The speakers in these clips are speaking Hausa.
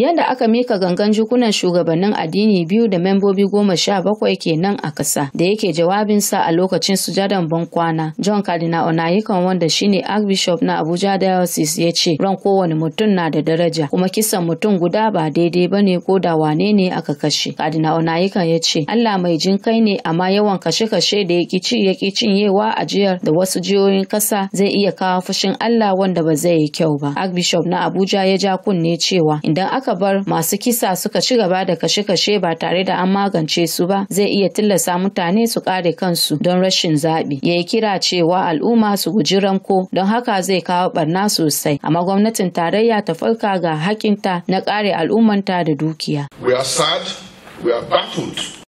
yadda aka mika gangan jukunan shugabannin addini biyu da membobi goma sha bakwai kenan a kasa da yake jawabinsa a lokacin sujadan kwana. john cardinal onayikan wanda shine archbishop na abuja diocese ya ce ran kowane mutum na da daraja kuma kisan mutum guda ba daidai ba ne ko da wane ne aka kashe cardinal onayikan ya ce allah mai jin kai ne amma yawan kashe-kashe da ya ci ya cinyewa ajiyar da wasu jihohin ƙasa zai iya kawo fushin allah wanda ba zai yi kyau ba archbishop na abuja ya ja kunne cewa idan aka aka bar masu kisa suka ci gaba da kashe-kashe ba tare da an magance su ba zai iya tillasa mutane su kare kansu don rashin zaɓi ya yi kira cewa al'umma su guji 'ranko' don haka zai kawo barna sosai amma gwamnatin tarayya ta farka ga hakinta na kare al'ummanta da dukiya.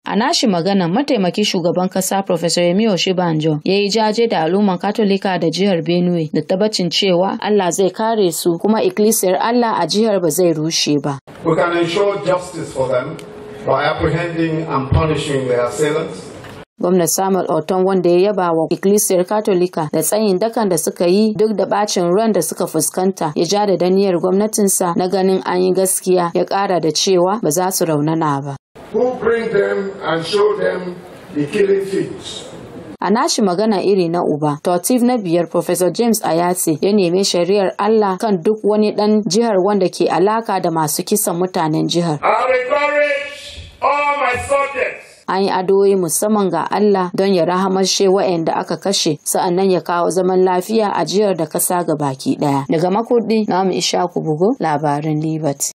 A nashi magana mataimakin shugaban kasa Professor Yemi Oshibanjo ya yi jaje da al'umman Katolika da jihar Benue da tabbacin cewa Allah zai kare su kuma ikkilisiyar Allah a jihar ba zai rushe ba. We can ensure justice for them by apprehending and punishing their assailants. Gwamnan Samuel Oton wanda ya yaba wa ikkilisiyar Katolika da tsayin dakan da suka yi duk da bacin ran da suka fuskanta ya ja da daniyar gwamnatinsa na ganin an yi gaskiya ya ƙara da cewa ba za su raunana ba. who bring them and show them the killing fields. A nashi magana iri na uba, Totif na biyar Professor James Ayati ya nemi shari'ar Allah kan duk wani ɗan jihar wanda ke alaka da masu kisan mutanen jihar. An yi adoyi musamman ga Allah don ya rahamashe waanda aka kashe sa'annan ya kawo zaman lafiya a jihar da kasa ga baki ɗaya. Daga makurdi, namu Ishaku Bugo, labarin Liberty.